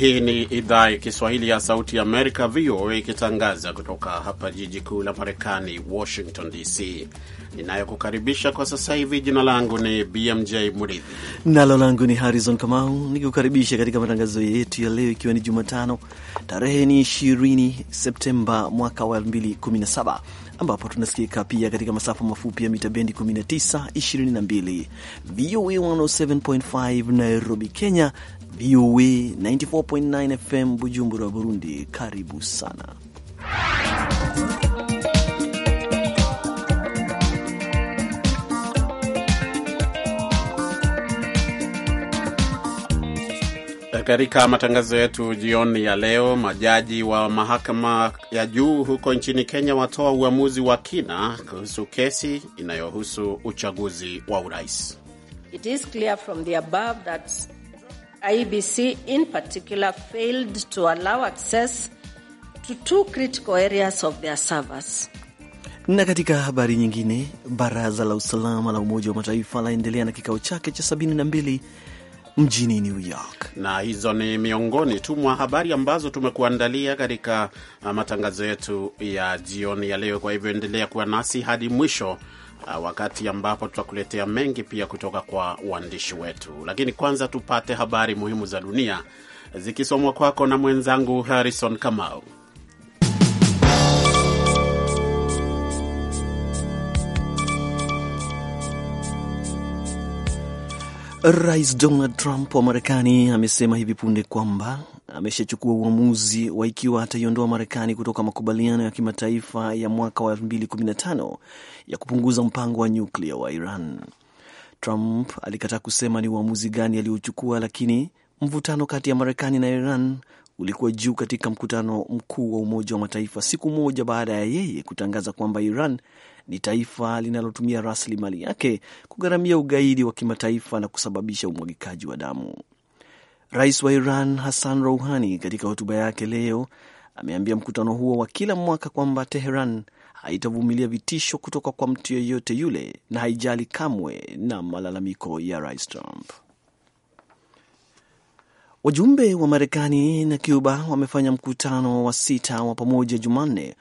Hii ni idhaa ya Kiswahili ya Sauti ya Amerika, VOA, ikitangaza kutoka hapa jiji kuu la Marekani, Washington DC. Ninayokukaribisha kwa sasa hivi, jina langu ni BMJ Murithi nalo langu ni Harrison Kamau, nikikukaribisha katika matangazo yetu ya leo, ikiwa ni Jumatano tarehe ni 20 Septemba mwaka wa 2017 ambapo tunasikika pia katika masafa mafupi ya mita bendi 19, 22, VOA 107.5 Nairobi, Kenya VOA 94.9 FM Bujumbura wa Burundi. Karibu sana. Katika matangazo yetu jioni ya leo, majaji wa mahakama ya juu huko nchini Kenya watoa uamuzi wa kina kuhusu kesi inayohusu uchaguzi wa urais. It is clear from the above that IBC in particular failed to allow access to two critical areas of their servers. Na katika habari nyingine, baraza la usalama la Umoja wa Mataifa laendelea na kikao chake cha 72 mjini New York. Na hizo ni miongoni tu mwa habari ambazo tumekuandalia katika uh, matangazo yetu ya jioni ya leo. Kwa hivyo endelea kuwa nasi hadi mwisho Ah, wakati ambapo tutakuletea mengi pia kutoka kwa uandishi wetu, lakini kwanza tupate habari muhimu za dunia zikisomwa kwako na mwenzangu Harrison Kamau. Rais Donald Trump wa Marekani amesema hivi punde kwamba ameshachukua uamuzi wa ikiwa ataiondoa Marekani kutoka makubaliano ya kimataifa ya mwaka wa 2015 ya kupunguza mpango wa nyuklia wa Iran. Trump alikataa kusema ni uamuzi gani aliochukua, lakini mvutano kati ya Marekani na Iran ulikuwa juu katika mkutano mkuu wa Umoja wa Mataifa siku moja baada ya yeye kutangaza kwamba Iran ni taifa linalotumia rasilimali yake kugharamia ugaidi wa kimataifa na kusababisha umwagikaji wa damu. Rais wa Iran Hassan Rouhani katika hotuba yake leo ameambia mkutano huo wa kila mwaka kwamba Teheran haitavumilia vitisho kutoka kwa mtu yeyote yule na haijali kamwe na malalamiko ya Rais Trump. Wajumbe wa Marekani na Cuba wamefanya mkutano wa sita wa pamoja Jumanne,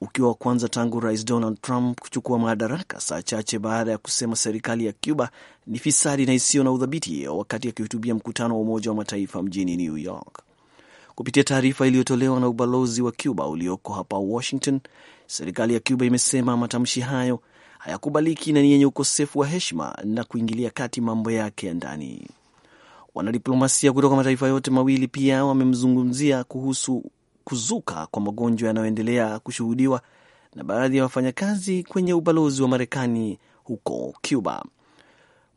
ukiwa wa kwanza tangu Rais Donald Trump kuchukua madaraka, saa chache baada ya kusema serikali ya Cuba ni fisadi na isiyo na udhabiti, wakati akihutubia mkutano wa Umoja wa Mataifa mjini New York. Kupitia taarifa iliyotolewa na ubalozi wa Cuba ulioko hapa Washington, serikali ya Cuba imesema matamshi hayo hayakubaliki na ni yenye ukosefu wa heshima na kuingilia kati mambo yake ya ndani. Wanadiplomasia kutoka mataifa yote mawili pia wamemzungumzia kuhusu kuzuka kwa magonjwa yanayoendelea kushuhudiwa na baadhi ya wafanyakazi kwenye ubalozi wa Marekani huko Cuba.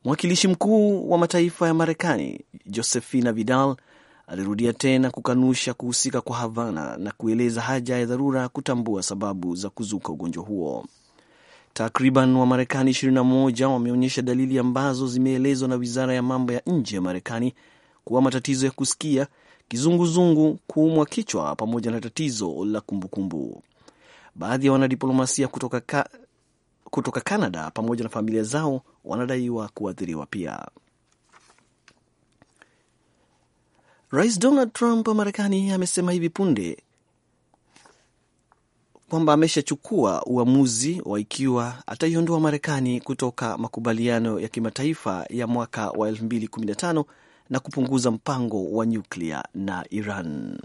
Mwakilishi mkuu wa mataifa ya Marekani josephina Vidal alirudia tena kukanusha kuhusika kwa Havana na kueleza haja ya dharura kutambua sababu za kuzuka ugonjwa huo. Takriban wa Marekani 21 wameonyesha dalili ambazo zimeelezwa na wizara ya mambo ya nje ya Marekani kuwa matatizo ya kusikia, kizunguzungu, kuumwa kichwa pamoja na tatizo la kumbukumbu. Baadhi ya wanadiplomasia kutoka, ka, kutoka Canada pamoja na familia zao wanadaiwa kuathiriwa pia. Rais Donald Trump wa Marekani amesema hivi punde kwamba ameshachukua uamuzi wa ikiwa ataiondoa Marekani kutoka makubaliano ya kimataifa ya mwaka wa 2015 na kupunguza mpango wa nyuklia na Iran.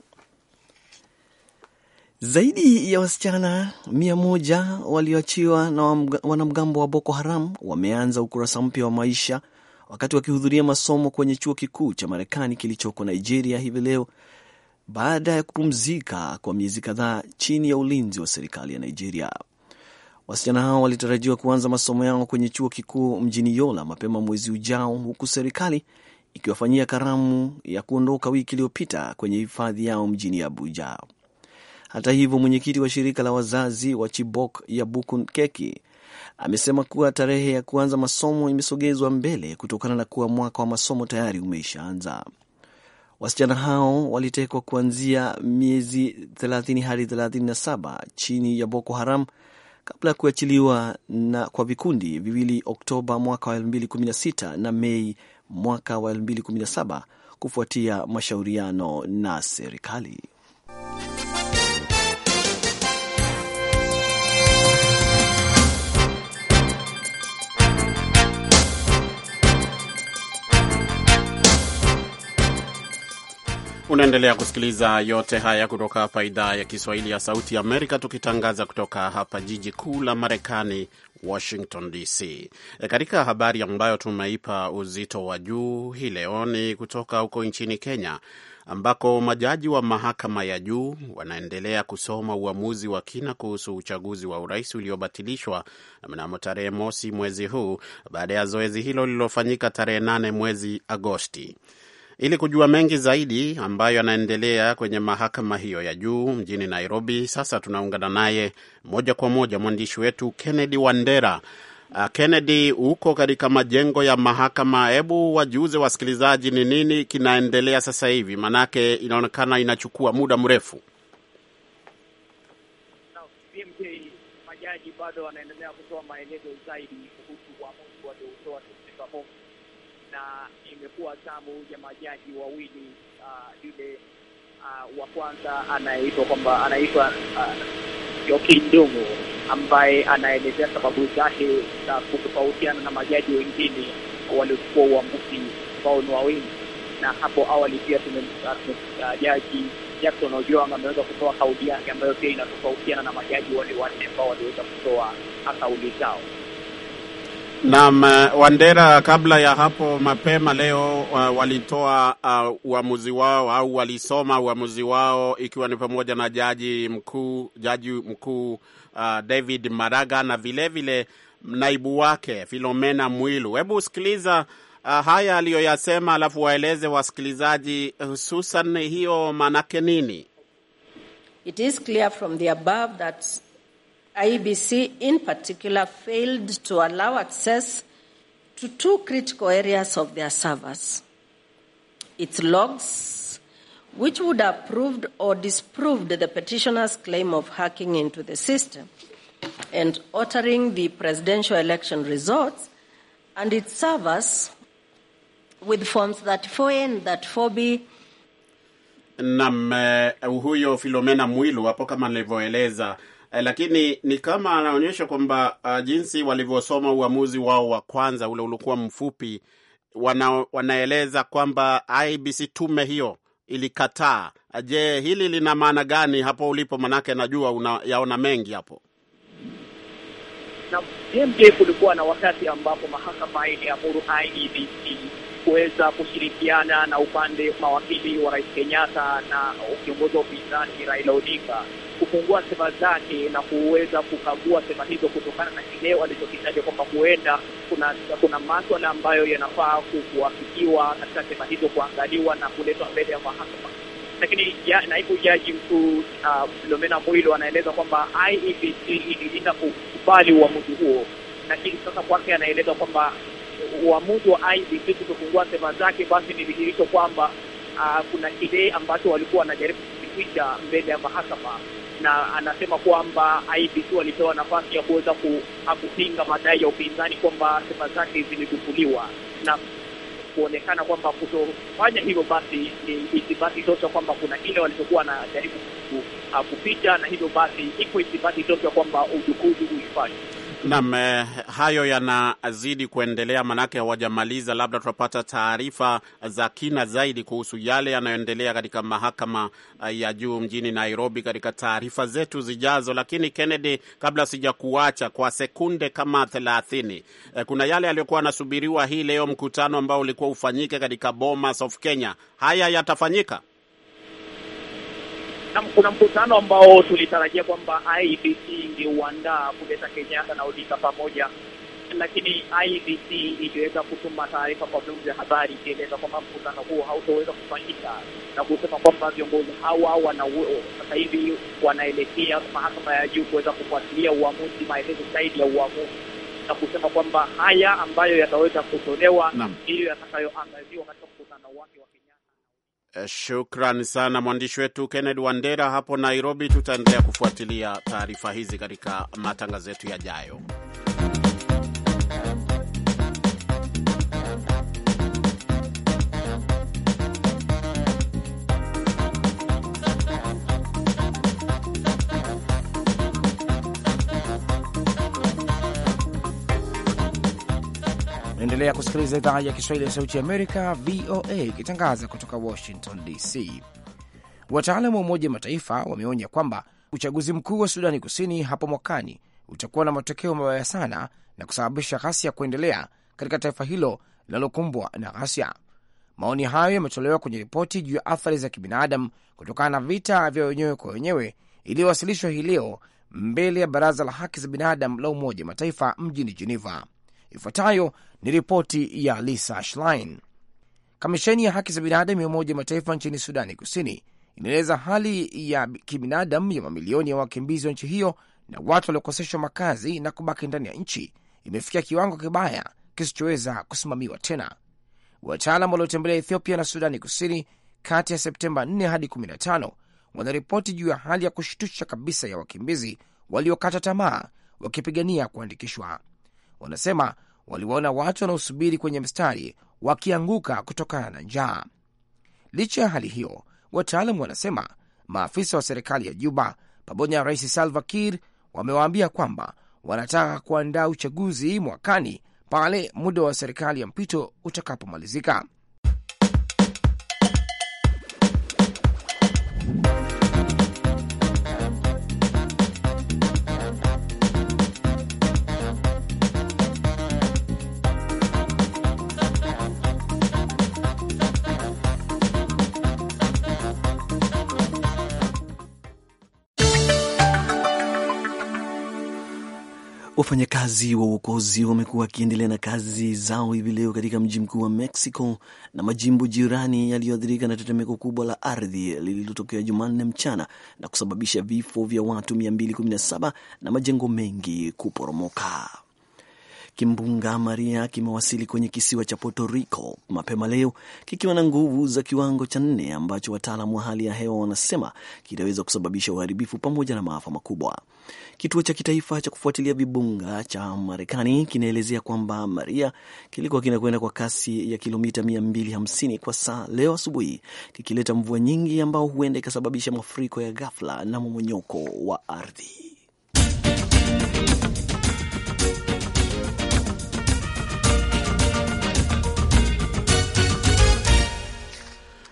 Zaidi ya wasichana mia moja walioachiwa na wanamgambo wa Boko Haram wameanza ukurasa mpya wa maisha wakati wakihudhuria masomo kwenye chuo kikuu cha Marekani kilichoko Nigeria hivi leo baada ya kupumzika kwa miezi kadhaa chini ya ulinzi wa serikali ya Nigeria. Wasichana hao walitarajiwa kuanza masomo yao kwenye chuo kikuu mjini Yola mapema mwezi ujao, huku serikali ikiwafanyia karamu ya kuondoka wiki iliyopita kwenye hifadhi yao mjini Abuja. Hata hivyo, mwenyekiti wa shirika la wazazi wa Chibok Bukun Keki amesema kuwa tarehe ya kuanza masomo imesogezwa mbele kutokana na kuwa mwaka wa masomo tayari umeshaanza. Wasichana hao walitekwa kuanzia miezi 30 hadi 37 chini ya Boko Haram kabla ya kuachiliwa na kwa vikundi viwili Oktoba mwaka wa 2016 na Mei mwaka wa 2017 kufuatia mashauriano na serikali. Unaendelea kusikiliza yote haya kutoka hapa idhaa ya Kiswahili ya Sauti ya Amerika, tukitangaza kutoka hapa jiji kuu la Marekani, Washington DC. E, katika habari ambayo tumeipa uzito wa juu hii leo ni kutoka huko nchini Kenya ambako majaji wa mahakama ya juu wanaendelea kusoma uamuzi wa kina kuhusu uchaguzi wa urais uliobatilishwa mnamo tarehe mosi mwezi huu baada ya zoezi hilo lililofanyika tarehe nane mwezi Agosti. Ili kujua mengi zaidi ambayo yanaendelea kwenye mahakama hiyo ya juu mjini Nairobi, sasa tunaungana naye moja kwa moja mwandishi wetu Kennedy Wandera. Uh, Kennedy, uko katika majengo ya mahakama, hebu wajiuze wasikilizaji ni nini kinaendelea sasa hivi, maanake inaonekana inachukua muda mrefu. Majaji bado wanaendelea kutoa maelezo zaidi kuhusu uamuzi walioutoa na imekuwa tamu ya majaji wawili uh, yule uh, wa kwanza anaitwa kwamba anaitwa uh, Joki ambaye anaelezea sababu zake za kutofautiana na majaji wengine waliochukua uamuzi ambao ni wawingi, na hapo awali pia uh, uh, jaji Jackson Ojuang ameweza kutoa kauli yake ambayo pia inatofautiana na majaji wale wanne ambao waliweza kutoa uh, kauli zao. Naam, eh, Wandera, kabla ya hapo mapema leo uh, walitoa uh, uamuzi wao au walisoma uamuzi wao ikiwa ni pamoja na jaji mkuu jaji mkuu uh, David Maraga na vilevile vile naibu wake Filomena Mwilu. Hebu sikiliza uh, haya aliyoyasema, alafu waeleze wasikilizaji hususan hiyo maanake nini. It is clear from the above that IBC in particular failed to allow access to two critical areas of their servers its logs, which would have proved or disproved the petitioner's claim of hacking into the system and altering the presidential election results, and its servers with forms 34A that 34B nam eh, huyo Filomena Mwilu hapo kama nilivyoeleza eh, lakini ni kama anaonyesha kwamba uh, jinsi walivyosoma uamuzi wao wa kwanza ule ulikuwa mfupi, wana, wanaeleza kwamba IBC tume hiyo ilikataa. Ah, je, hili lina maana gani hapo ulipo? Manake najua yaona mengi hapo na kulikuwa na wakati ambapo mahakama iliamuru IBC kuweza kushirikiana na upande mawakili wa rais Kenyatta na kiongozi wa upinzani Raila Odinga kufungua sema zake na kuweza kukagua sema hizo kutokana na kileo alichokitaja kwamba huenda kuna, kuna maswala ambayo yanafaa kuafikiwa katika sema hizo kuangaliwa na kuletwa mbele ya mahakama. Lakini ya, naibu jaji mkuu Filomena uh, Mwilo anaeleza kwamba IEBC ililinda kukubali uamuzi huo, lakini sasa kwake anaeleza kwamba uamuzi wa IBC kutofungua sema zake, basi ni dhihirisho kwamba uh, kuna kile ambacho walikuwa wanajaribu kukificha mbele ya mahakama, na anasema kwamba IBC walipewa nafasi ya kuweza ah, kupinga madai ya upinzani kwamba sema zake zilidukuliwa na kuonekana kwamba kutofanya hivyo basi ni ithibati tosha kwamba kuna kile walichokuwa wanajaribu ah, kuficha, na hivyo basi iko ithibati tosha kwamba udukuzi ulifanywa. Naam, eh, hayo yanazidi kuendelea, manake hawajamaliza. Labda tutapata taarifa za kina zaidi kuhusu yale yanayoendelea katika mahakama eh, ya juu mjini Nairobi katika taarifa zetu zijazo. Lakini Kennedy, kabla sijakuacha kwa sekunde kama thelathini, eh, kuna yale yaliyokuwa yanasubiriwa hii leo, mkutano ambao ulikuwa ufanyike katika Bomas of Kenya. Haya yatafanyika? na kuna mkutano ambao tulitarajia kwamba IBC ingeuandaa kuleta Kenyatta na Odinga pamoja, lakini IBC iliweza kutuma taarifa kwa vyombo vya habari ikieleza kwamba mkutano huo hautoweza kufanyika na kusema kwamba viongozi hawa wana sasa hivi wanaelekea mahakama ya juu kuweza kufuatilia uamuzi, maelezo zaidi ya uamuzi na kusema kwamba haya ambayo yataweza kutolewa ndiyo yatakayoangaziwa katika mkutano wake wa Eh, shukran sana mwandishi wetu Kennedy Wandera hapo Nairobi. Tutaendelea kufuatilia taarifa hizi katika matangazo yetu yajayo. Naendelea kusikiliza idhaa ya Kiswahili ya Sauti ya Amerika, VOA, ikitangaza kutoka Washington DC. Wataalamu wa Umoja wa Mataifa wameonya kwamba uchaguzi mkuu wa Sudani Kusini hapo mwakani utakuwa na matokeo mabaya sana na kusababisha ghasia kuendelea katika taifa hilo linalokumbwa na ghasia. Maoni hayo yametolewa kwenye ripoti juu ya athari za kibinadamu kutokana na vita vya wenyewe kwa wenyewe iliyowasilishwa hii leo mbele ya Baraza la Haki za Binadamu la Umoja Mataifa mjini Jeneva. Ifuatayo ni ripoti ya Lisa Schlein. Kamisheni ya haki za binadamu ya Umoja Mataifa nchini Sudani Kusini inaeleza hali ya kibinadamu ya mamilioni ya wakimbizi wa nchi hiyo na watu waliokoseshwa makazi na kubaki ndani ya nchi imefikia kiwango kibaya kisichoweza kusimamiwa tena. Wataalam waliotembelea Ethiopia na Sudani Kusini kati ya Septemba 4 hadi 15 wanaripoti juu ya hali ya kushtusha kabisa ya wakimbizi waliokata tamaa wakipigania kuandikishwa wanasema waliwaona watu wanaosubiri kwenye mstari wakianguka kutokana na njaa. Licha ya hali hiyo, wataalam wanasema maafisa wa serikali ya Juba pamoja na Rais Salva Kiir wamewaambia kwamba wanataka kuandaa uchaguzi mwakani pale muda wa serikali ya mpito utakapomalizika. Wafanyakazi wa uokozi wamekuwa wakiendelea na kazi zao hivi leo katika mji mkuu wa Mexico na majimbo jirani yaliyoathirika na tetemeko kubwa la ardhi lililotokea Jumanne mchana na kusababisha vifo vya watu 217 na majengo mengi kuporomoka. Kimbunga Maria kimewasili kwenye kisiwa cha Puerto Rico mapema leo kikiwa na nguvu za kiwango cha nne ambacho wataalamu wa hali ya hewa wanasema kitaweza kusababisha uharibifu pamoja na maafa makubwa. Kituo cha kitaifa cha kufuatilia vibunga cha Marekani kinaelezea kwamba Maria kilikuwa kinakwenda kwa kasi ya kilomita 250 kwa saa leo asubuhi, kikileta mvua nyingi ambao huenda ikasababisha mafuriko ya ghafla na momonyoko wa ardhi.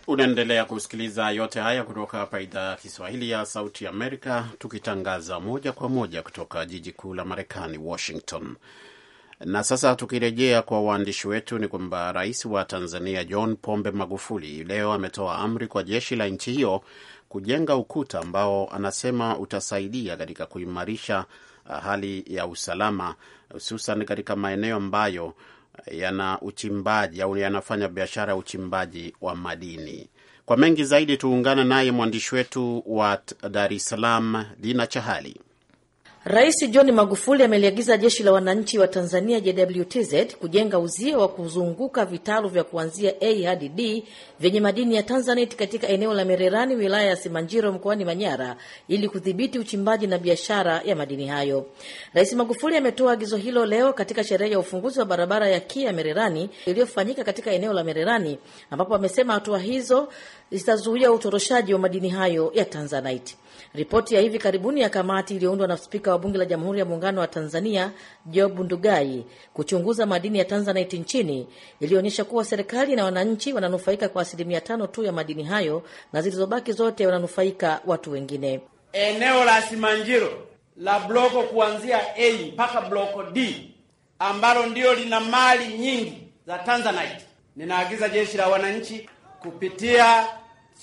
Unaendelea kusikiliza yote haya kutoka hapa idhaa ya Kiswahili ya Sauti Amerika, tukitangaza moja kwa moja kutoka jiji kuu la Marekani, Washington. Na sasa tukirejea kwa waandishi wetu, ni kwamba rais wa Tanzania John Pombe Magufuli leo ametoa amri kwa jeshi la nchi hiyo kujenga ukuta ambao anasema utasaidia katika kuimarisha ah, hali ya usalama, hususan katika maeneo ambayo yana uchimbaji au yanafanya biashara ya uchimbaji wa madini. Kwa mengi zaidi tuungane naye mwandishi wetu wa Dar es Salaam, Dina Chahali. Rais John Magufuli ameliagiza Jeshi la Wananchi wa Tanzania JWTZ kujenga uzio wa kuzunguka vitalu vya kuanzia A hadi D vyenye madini ya Tanzanite katika eneo la Mererani, wilaya ya Simanjiro, mkoani Manyara, ili kudhibiti uchimbaji na biashara ya madini hayo. Rais Magufuli ametoa agizo hilo leo katika sherehe ya ufunguzi wa barabara ya KIA Mererani iliyofanyika katika eneo la Mererani, ambapo amesema hatua hizo zitazuia utoroshaji wa madini hayo ya Tanzanite. Ripoti ya hivi karibuni ya kamati iliyoundwa na spika wa bunge la Jamhuri ya Muungano wa Tanzania Job Ndugai kuchunguza madini ya tanzanite nchini ilionyesha kuwa serikali na wananchi wananufaika kwa asilimia tano tu ya madini hayo na zilizobaki zote wananufaika watu wengine. Eneo la Simanjiro la bloko kuanzia A mpaka bloko D ambalo ndiyo lina mali nyingi za tanzanite, ninaagiza jeshi la wananchi kupitia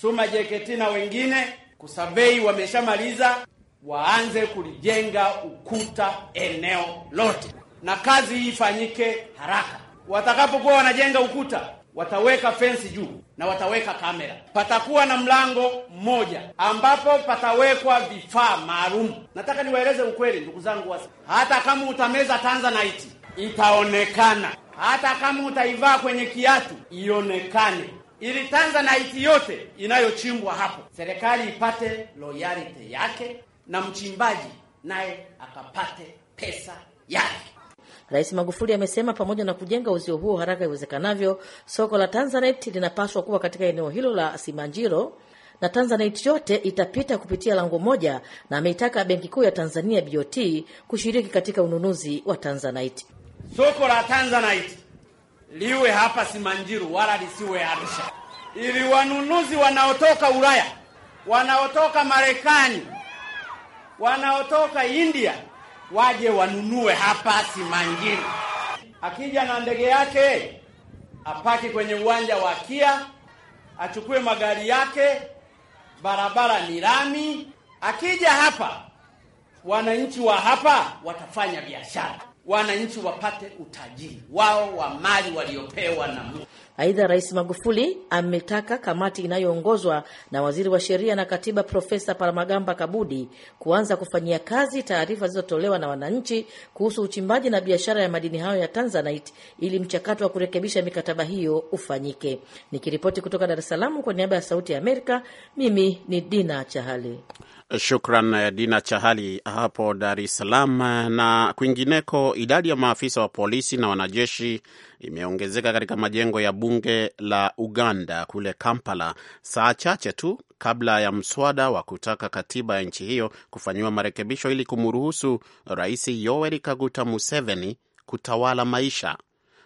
SUMA JKT na wengine kusabei wameshamaliza, waanze kulijenga ukuta eneo lote, na kazi hii ifanyike haraka. Watakapokuwa wanajenga ukuta, wataweka fensi juu na wataweka kamera. Patakuwa na mlango mmoja ambapo patawekwa vifaa maalum. Nataka niwaeleze ukweli, ndugu zangu, hata kama utameza tanzanite itaonekana, hata kama utaivaa kwenye kiatu ionekane ili iti yote inayochimbwa hapo serikali ipate loyalty yake na mchimbaji naye akapate pesa yake. Rais Magufuli amesema pamoja na kujenga uzio huo haraka iwezekanavyo, soko la Tanzanite linapaswa kuwa katika eneo hilo la Simanjiro na Tanzanite yote itapita kupitia lango moja, na ameitaka Benki Kuu ya Tanzania BOT kushiriki katika ununuzi wa Tanzanite. Soko la Tanzanite liwe hapa Simanjiru wala lisiwe Arusha, ili wanunuzi wanaotoka Ulaya, wanaotoka Marekani, wanaotoka India waje wanunue hapa Simanjiro. Akija na ndege yake apaki kwenye uwanja wa Kia, achukue magari yake, barabara ni lami. Akija hapa, wananchi wa hapa watafanya biashara wananchi wapate utajiri wao wa mali waliopewa na Mungu. Aidha, Rais Magufuli ametaka kamati inayoongozwa na waziri wa sheria na katiba Profesa Palamagamba Kabudi kuanza kufanyia kazi taarifa zilizotolewa na wananchi kuhusu uchimbaji na biashara ya madini hayo ya Tanzanite ili mchakato wa kurekebisha mikataba hiyo ufanyike. Nikiripoti kutoka Dar es Salaam kwa niaba ya Sauti ya Amerika, mimi ni Dina Chahali. Shukran eh, Dina Chahali hapo Dar es Salaam. Eh, na kwingineko, idadi ya maafisa wa polisi na wanajeshi imeongezeka katika majengo ya bunge la Uganda kule Kampala, saa chache tu kabla ya mswada wa kutaka katiba ya nchi hiyo kufanyiwa marekebisho ili kumruhusu Rais Yoweri Kaguta Museveni kutawala maisha.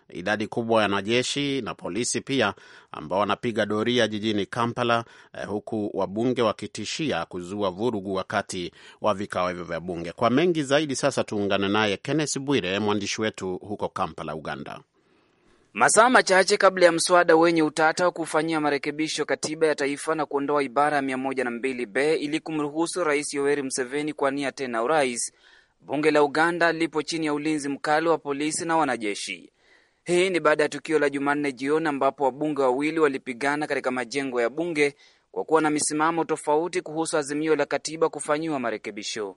Idadi kubwa ya wanajeshi na polisi pia ambao wanapiga doria jijini Kampala eh, huku wabunge wakitishia kuzua vurugu wakati wa vikao hivyo vya bunge. Kwa mengi zaidi, sasa tuungane naye Kenneth Bwire, mwandishi wetu huko Kampala, Uganda. Masaa machache kabla ya mswada wenye utata wa kufanyia marekebisho katiba ya taifa na kuondoa ibara ya 102b ili kumruhusu Rais Yoweri Museveni kuania tena urais, bunge la Uganda lipo chini ya ulinzi mkali wa polisi na wanajeshi. Hii ni baada ya tukio la Jumanne jioni ambapo wabunge wawili walipigana katika majengo ya bunge kwa kuwa na misimamo tofauti kuhusu azimio la katiba kufanyiwa marekebisho.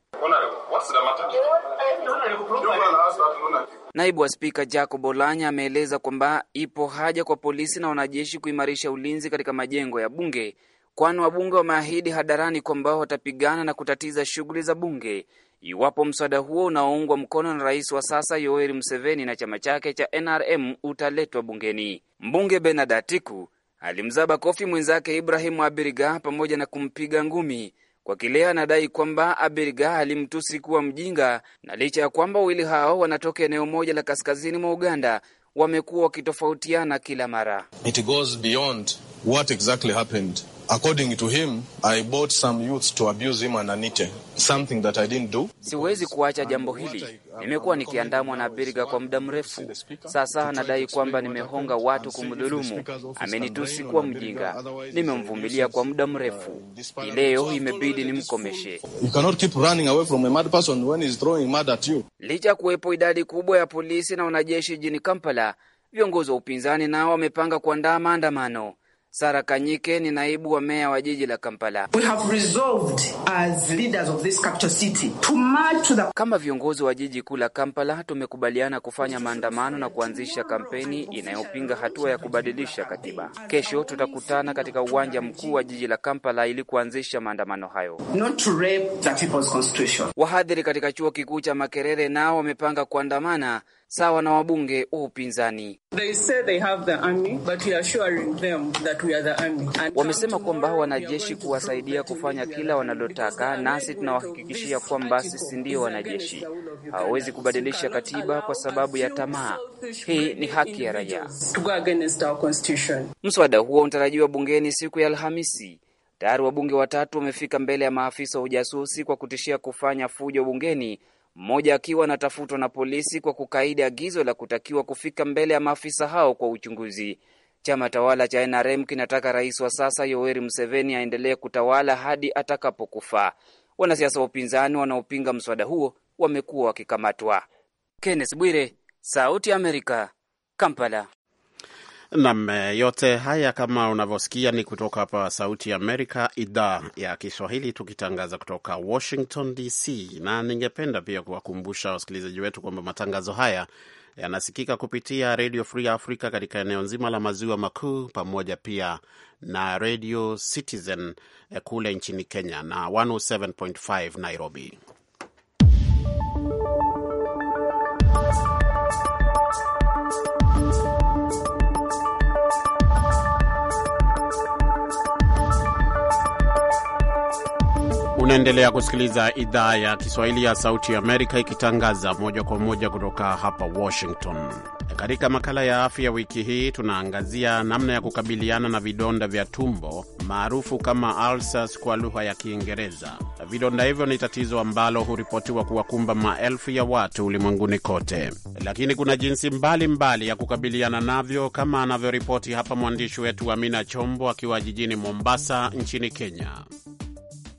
Naibu wa spika Jacob Olanya ameeleza kwamba ipo haja kwa polisi na wanajeshi kuimarisha ulinzi katika majengo ya bunge, kwani wabunge wameahidi hadharani kwamba watapigana na kutatiza shughuli za bunge iwapo mswada huo unaoungwa mkono na rais wa sasa Yoweri Museveni na chama chake cha NRM utaletwa bungeni. Mbunge Benard Atiku alimzaba kofi mwenzake Ibrahimu Abiriga pamoja na kumpiga ngumi kwa kile anadai kwamba Abiriga alimtusi kuwa mjinga, na licha ya kwamba wawili hao wanatoka eneo moja la kaskazini mwa Uganda, wamekuwa wakitofautiana kila mara. It goes beyond what exactly happened According to him, I bought some youths to abuse him and Anite, something that I didn't do. Siwezi kuacha jambo hili. Nimekuwa nikiandamwa na Biriga kwa muda mrefu. Sasa anadai kwamba nimehonga watu kumdhulumu. Amenitusi kuwa mjinga. Nimemvumilia kwa muda mrefu. Leo imebidi nimkomeshe. You cannot keep running away from a mad person when throwing at you. Licha kuwepo idadi kubwa ya polisi na wanajeshi jijini Kampala, viongozi wa upinzani nao wamepanga kuandaa maandamano. Sara Kanyike ni naibu wa meya wa jiji la Kampala. We have resolved as leaders of this capital city to march to the... Kama viongozi wa jiji kuu la Kampala tumekubaliana kufanya maandamano na kuanzisha kampeni inayopinga hatua ya kubadilisha katiba. Kesho tutakutana katika uwanja mkuu wa jiji la Kampala ili kuanzisha maandamano hayo. Not to rape the people's constitution. Wahadhiri katika chuo kikuu cha Makerere nao wamepanga kuandamana sawa na wabunge wa upinzani. Wamesema kwamba wanajeshi kuwasaidia kufanya kila wanalotaka, nasi tunawahakikishia kwamba sisi ndio wanajeshi. Hawawezi kubadilisha katiba kwa sababu ya tamaa. Hii ni haki ya raia. Mswada huo unatarajiwa bungeni siku ya Alhamisi. Tayari wabunge watatu wamefika mbele ya maafisa wa ujasusi kwa kutishia kufanya fujo bungeni mmoja akiwa anatafutwa na polisi kwa kukaidi agizo la kutakiwa kufika mbele ya maafisa hao kwa uchunguzi. Chama tawala cha NRM kinataka rais wa sasa Yoweri Museveni aendelee kutawala hadi atakapokufa. Wanasiasa wa upinzani wanaopinga mswada huo wamekuwa wakikamatwa. Kenneth Bwire, Sauti ya Amerika, Kampala. Nam, eh, yote haya kama unavyosikia ni kutoka hapa Sauti ya Amerika, idhaa ya Kiswahili, tukitangaza kutoka Washington DC. Na ningependa pia kuwakumbusha wasikilizaji wetu kwamba matangazo haya yanasikika kupitia Radio Free Africa katika eneo nzima la maziwa makuu, pamoja pia na Radio Citizen eh, kule nchini Kenya na 107.5 Nairobi. Unaendelea kusikiliza idhaa ya Kiswahili ya Sauti ya Amerika ikitangaza moja kwa moja kutoka hapa Washington. Katika makala ya afya wiki hii, tunaangazia namna ya kukabiliana na vidonda vya tumbo maarufu kama alsas kwa lugha ya Kiingereza. Vidonda hivyo ni tatizo ambalo huripotiwa kuwakumba maelfu ya watu ulimwenguni kote, lakini kuna jinsi mbalimbali mbali ya kukabiliana navyo, kama anavyoripoti hapa mwandishi wetu Amina Chombo akiwa jijini Mombasa nchini Kenya.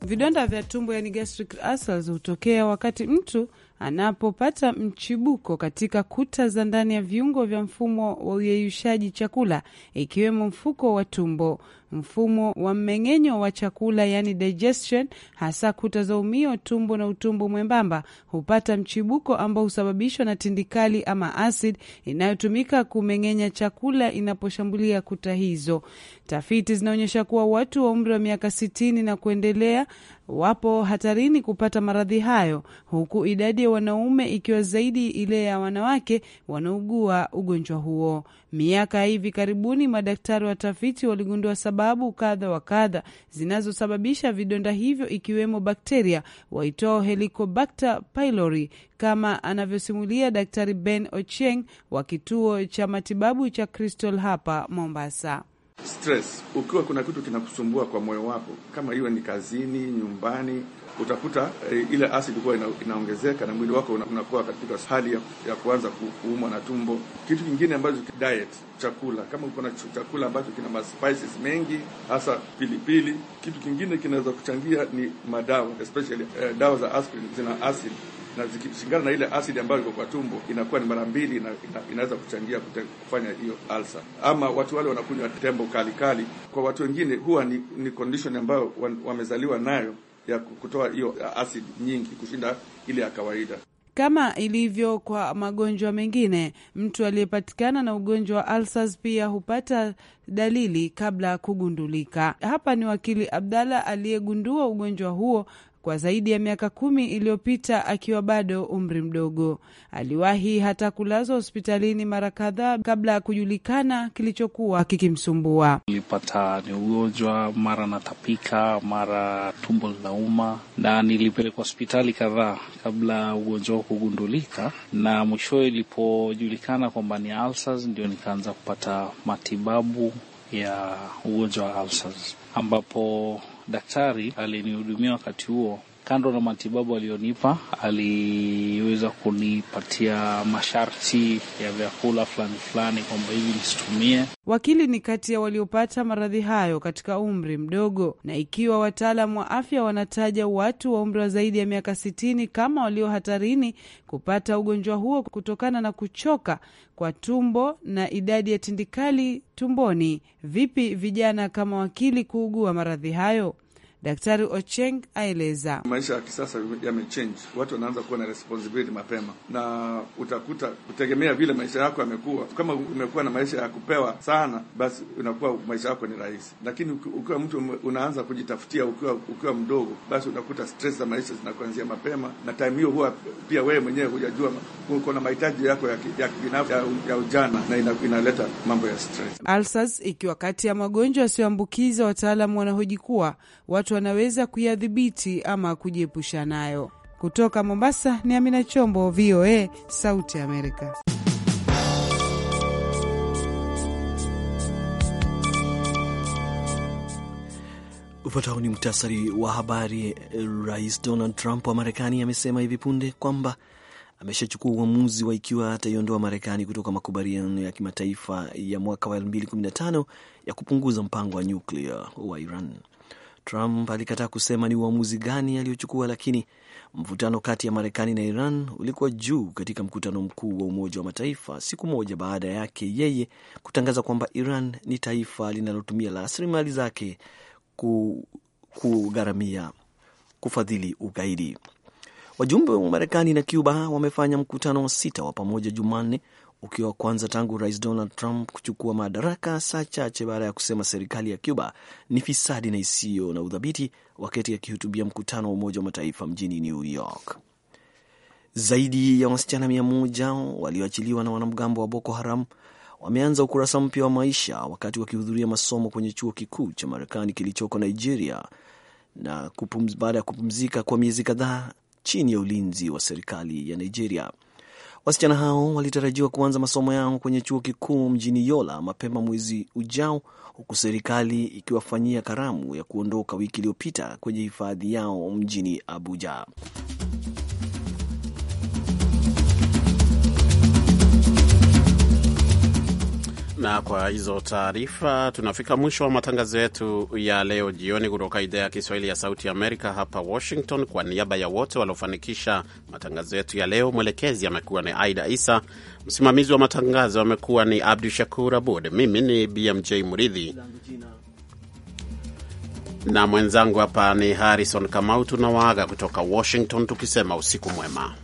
Vidonda vya tumbo yani gastric ulcers hutokea wakati mtu anapopata mchibuko katika kuta za ndani ya viungo vya mfumo wa uyeyushaji chakula ikiwemo mfuko wa tumbo mfumo wa mmeng'enyo wa chakula yani digestion, hasa kuta za umio, tumbo na utumbo mwembamba hupata mchibuko ambao husababishwa na tindikali ama asid inayotumika kumeng'enya chakula inaposhambulia kuta hizo. Tafiti zinaonyesha kuwa watu wa umri wa miaka sitini na kuendelea wapo hatarini kupata maradhi hayo, huku idadi ya wanaume ikiwa zaidi ile ya wanawake wanaugua ugonjwa huo. Miaka ya hivi karibuni, madaktari watafiti waligundua sababu kadha wa kadha zinazosababisha vidonda hivyo, ikiwemo bakteria waitwao Helicobacter pylori kama anavyosimulia Daktari Ben Ocheng wa kituo cha matibabu cha Crystal hapa Mombasa stress. Ukiwa kuna kitu kinakusumbua kwa moyo wako, kama iwe ni kazini, nyumbani, utakuta e, ile asidi huwa ina, inaongezeka na mwili wako unakuwa una katika hali ya, ya kuanza kuumwa na tumbo. Kitu kingine ambacho diet, chakula kama uko na chakula ambacho kina spices mengi, hasa pilipili. Kitu kingine kinaweza kuchangia ni madawa especially e, dawa za aspirin zina asidi na zikishingana na ile asidi ambayo iko kwa tumbo inakuwa ni mara mbili na ina, inaweza kuchangia kute, kufanya hiyo alsa. Ama watu wale wanakunywa tembo kalikali kali. Kwa watu wengine huwa ni, ni condition ambayo wamezaliwa nayo ya kutoa hiyo asidi nyingi kushinda ile ya kawaida. Kama ilivyo kwa magonjwa mengine, mtu aliyepatikana na ugonjwa wa alsas pia hupata dalili kabla ya kugundulika. Hapa ni wakili Abdalla aliyegundua ugonjwa huo kwa zaidi ya miaka kumi iliyopita akiwa bado umri mdogo. Aliwahi hata kulazwa hospitalini mara kadhaa kabla ya kujulikana kilichokuwa kikimsumbua. Nilipata ni ugonjwa, mara natapika, mara tumbo linauma, na nilipelekwa hospitali kadhaa kabla ugonjwa huu kugundulika, na mwishowe ilipojulikana kwamba ni alsas, ndio nikaanza kupata matibabu ya ugonjwa wa alsas ambapo daktari alinihudumia wakati huo kando na matibabu alionipa aliweza kunipatia masharti ya vyakula fulani fulani kwamba hivi nisitumie. Wakili ni kati ya waliopata maradhi hayo katika umri mdogo, na ikiwa wataalam wa afya wanataja watu wa umri wa zaidi ya miaka sitini kama walio hatarini kupata ugonjwa huo kutokana na kuchoka kwa tumbo na idadi ya tindikali tumboni, vipi vijana kama wakili kuugua maradhi hayo? Daktari Ocheng aeleza, maisha ya kisasa yamechange, watu wanaanza kuwa na responsibility mapema, na utakuta kutegemea vile maisha yako yamekuwa. Kama umekuwa na maisha ya kupewa sana, basi unakuwa maisha yako ni rahisi, lakini ukiwa mtu unaanza kujitafutia ukiwa ukiwa mdogo, basi unakuta stress za maisha zinakuanzia mapema, na time hiyo huwa pia wewe mwenyewe hujajua uko na mahitaji yako ya kibinafsi ya, ya ujana na inaleta mambo ya stress. Alsas ikiwa kati ya magonjwa yasiyoambukiza, wataalamu wanahoji kuwa watu watu wanaweza kuyadhibiti ama kujiepusha nayo. Kutoka Mombasa ni Amina Chombo, VOA Sauti Amerika. Ufuatao ni muhtasari wa habari. Rais Donald Trump wa Marekani amesema hivi punde kwamba ameshachukua uamuzi wa ikiwa ataiondoa Marekani kutoka makubaliano ya kimataifa ya mwaka wa 2015 ya kupunguza mpango wa nyuklia wa Iran. Trump alikataa kusema ni uamuzi gani aliyochukua, lakini mvutano kati ya Marekani na Iran ulikuwa juu katika mkutano mkuu wa Umoja wa Mataifa siku moja baada yake yeye kutangaza kwamba Iran ni taifa linalotumia rasilimali zake kugharamia kufadhili ugaidi. Wajumbe wa Marekani na Cuba wamefanya mkutano wa sita wa pamoja Jumanne ukiwa kwanza tangu Rais Donald Trump kuchukua madaraka, saa chache baada ya kusema serikali ya Cuba ni fisadi na isiyo na udhabiti, wakati akihutubia mkutano wa Umoja wa Mataifa mjini New York. Zaidi ya wasichana mia moja walioachiliwa na wanamgambo wa Boko Haram wameanza ukurasa mpya wa maisha wakati wakihudhuria masomo kwenye chuo kikuu cha Marekani kilichoko Nigeria na baada ya kupumzika kwa miezi kadhaa chini ya ulinzi wa serikali ya Nigeria. Wasichana hao walitarajiwa kuanza masomo yao kwenye chuo kikuu mjini Yola mapema mwezi ujao, huku serikali ikiwafanyia karamu ya kuondoka wiki iliyopita kwenye hifadhi yao mjini Abuja. Na kwa hizo taarifa tunafika mwisho wa matangazo yetu ya leo jioni kutoka idhaa ya Kiswahili ya Sauti Amerika hapa Washington. Kwa niaba ya wote waliofanikisha matangazo yetu ya leo, mwelekezi amekuwa ni Aida Isa, msimamizi wa matangazo amekuwa ni Abdu Shakur Abud, mimi ni BMJ Muridhi na mwenzangu hapa ni Harrison Kamau. Tunawaaga kutoka Washington tukisema usiku mwema.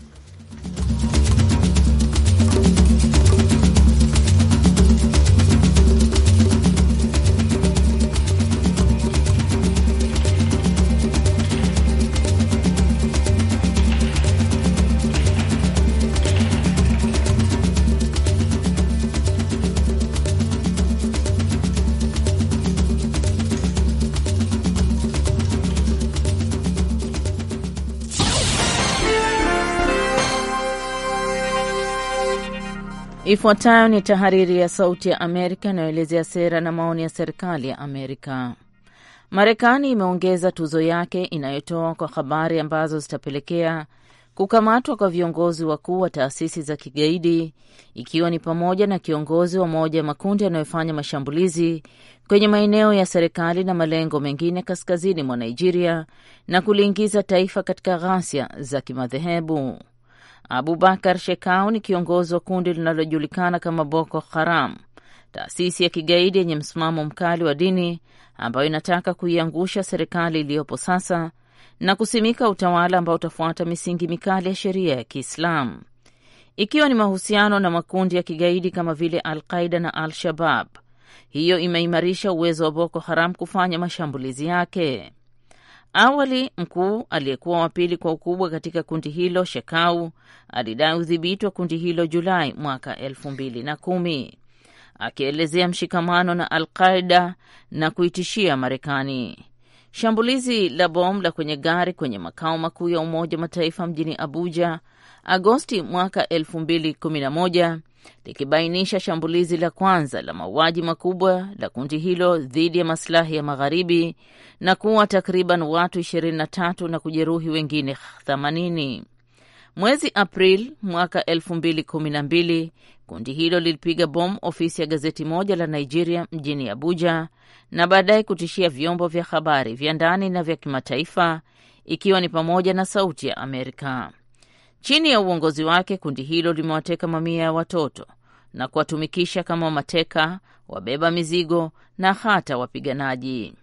Ifuatayo ni tahariri ya Sauti ya Amerika inayoelezea sera na maoni ya serikali ya Amerika. Marekani imeongeza tuzo yake inayotoa kwa habari ambazo zitapelekea kukamatwa kwa viongozi wakuu wa taasisi za kigaidi ikiwa ni pamoja na kiongozi wa moja ya makundi yanayofanya mashambulizi kwenye maeneo ya serikali na malengo mengine kaskazini mwa Nigeria na kuliingiza taifa katika ghasia za kimadhehebu. Abubakar Shekau ni kiongozi wa kundi linalojulikana kama Boko Haram, taasisi ya kigaidi yenye msimamo mkali wa dini ambayo inataka kuiangusha serikali iliyopo sasa na kusimika utawala ambao utafuata misingi mikali ya sheria ya Kiislamu, ikiwa ni mahusiano na makundi ya kigaidi kama vile Al-Qaida na Al-Shabab. Hiyo imeimarisha uwezo wa Boko Haram kufanya mashambulizi yake. Awali mkuu aliyekuwa wa pili kwa ukubwa katika kundi hilo Shekau alidai udhibiti wa kundi hilo Julai mwaka elfu mbili na kumi akielezea mshikamano na Alqaida na kuitishia Marekani. Shambulizi la bomu la kwenye gari kwenye makao makuu ya Umoja wa Mataifa mjini Abuja Agosti mwaka elfu mbili kumi na moja likibainisha shambulizi la kwanza la mauaji makubwa la kundi hilo dhidi ya masilahi ya magharibi na kuwa takriban watu 23 na kujeruhi wengine 80. Mwezi Aprili mwaka 2012 kundi hilo lilipiga bomu ofisi ya gazeti moja la Nigeria mjini Abuja na baadaye kutishia vyombo vya habari vya ndani na vya kimataifa ikiwa ni pamoja na Sauti ya Amerika. Chini ya uongozi wake, kundi hilo limewateka mamia ya watoto na kuwatumikisha kama mateka, wabeba mizigo na hata wapiganaji.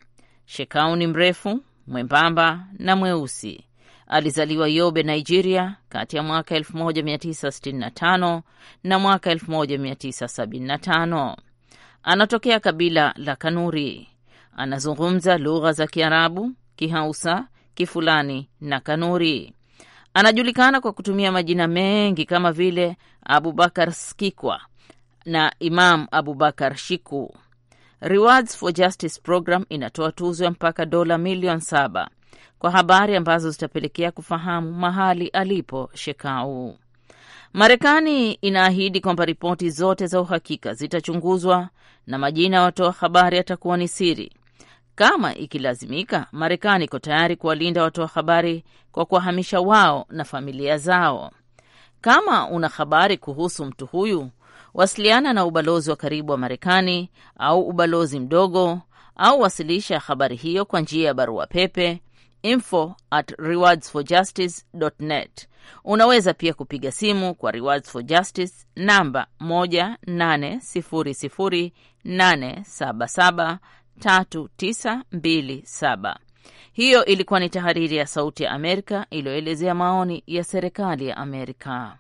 Shekau ni mrefu, mwembamba na mweusi. Alizaliwa Yobe, Nigeria, kati ya mwaka 1965 na mwaka 1975. Anatokea kabila la Kanuri. Anazungumza lugha za Kiarabu, Kihausa, Kifulani na Kanuri. Anajulikana kwa kutumia majina mengi kama vile Abubakar Skikwa na Imam Abubakar Shiku. Rewards for Justice program inatoa tuzo ya mpaka dola milioni saba kwa habari ambazo zitapelekea kufahamu mahali alipo Shekau. Marekani inaahidi kwamba ripoti zote za uhakika zitachunguzwa na majina ya watoa habari yatakuwa ni siri kama ikilazimika, Marekani iko tayari kuwalinda watoa habari kwa kuwahamisha wao na familia zao. Kama una habari kuhusu mtu huyu, wasiliana na ubalozi wa karibu wa Marekani au ubalozi mdogo, au wasilisha habari hiyo kwa njia ya barua pepe info at rewardsforjustice.net. Unaweza pia kupiga simu kwa Rewards for Justice namba 1800877 3927. Hiyo ilikuwa ni tahariri ya Sauti ya Amerika iliyoelezea maoni ya serikali ya Amerika.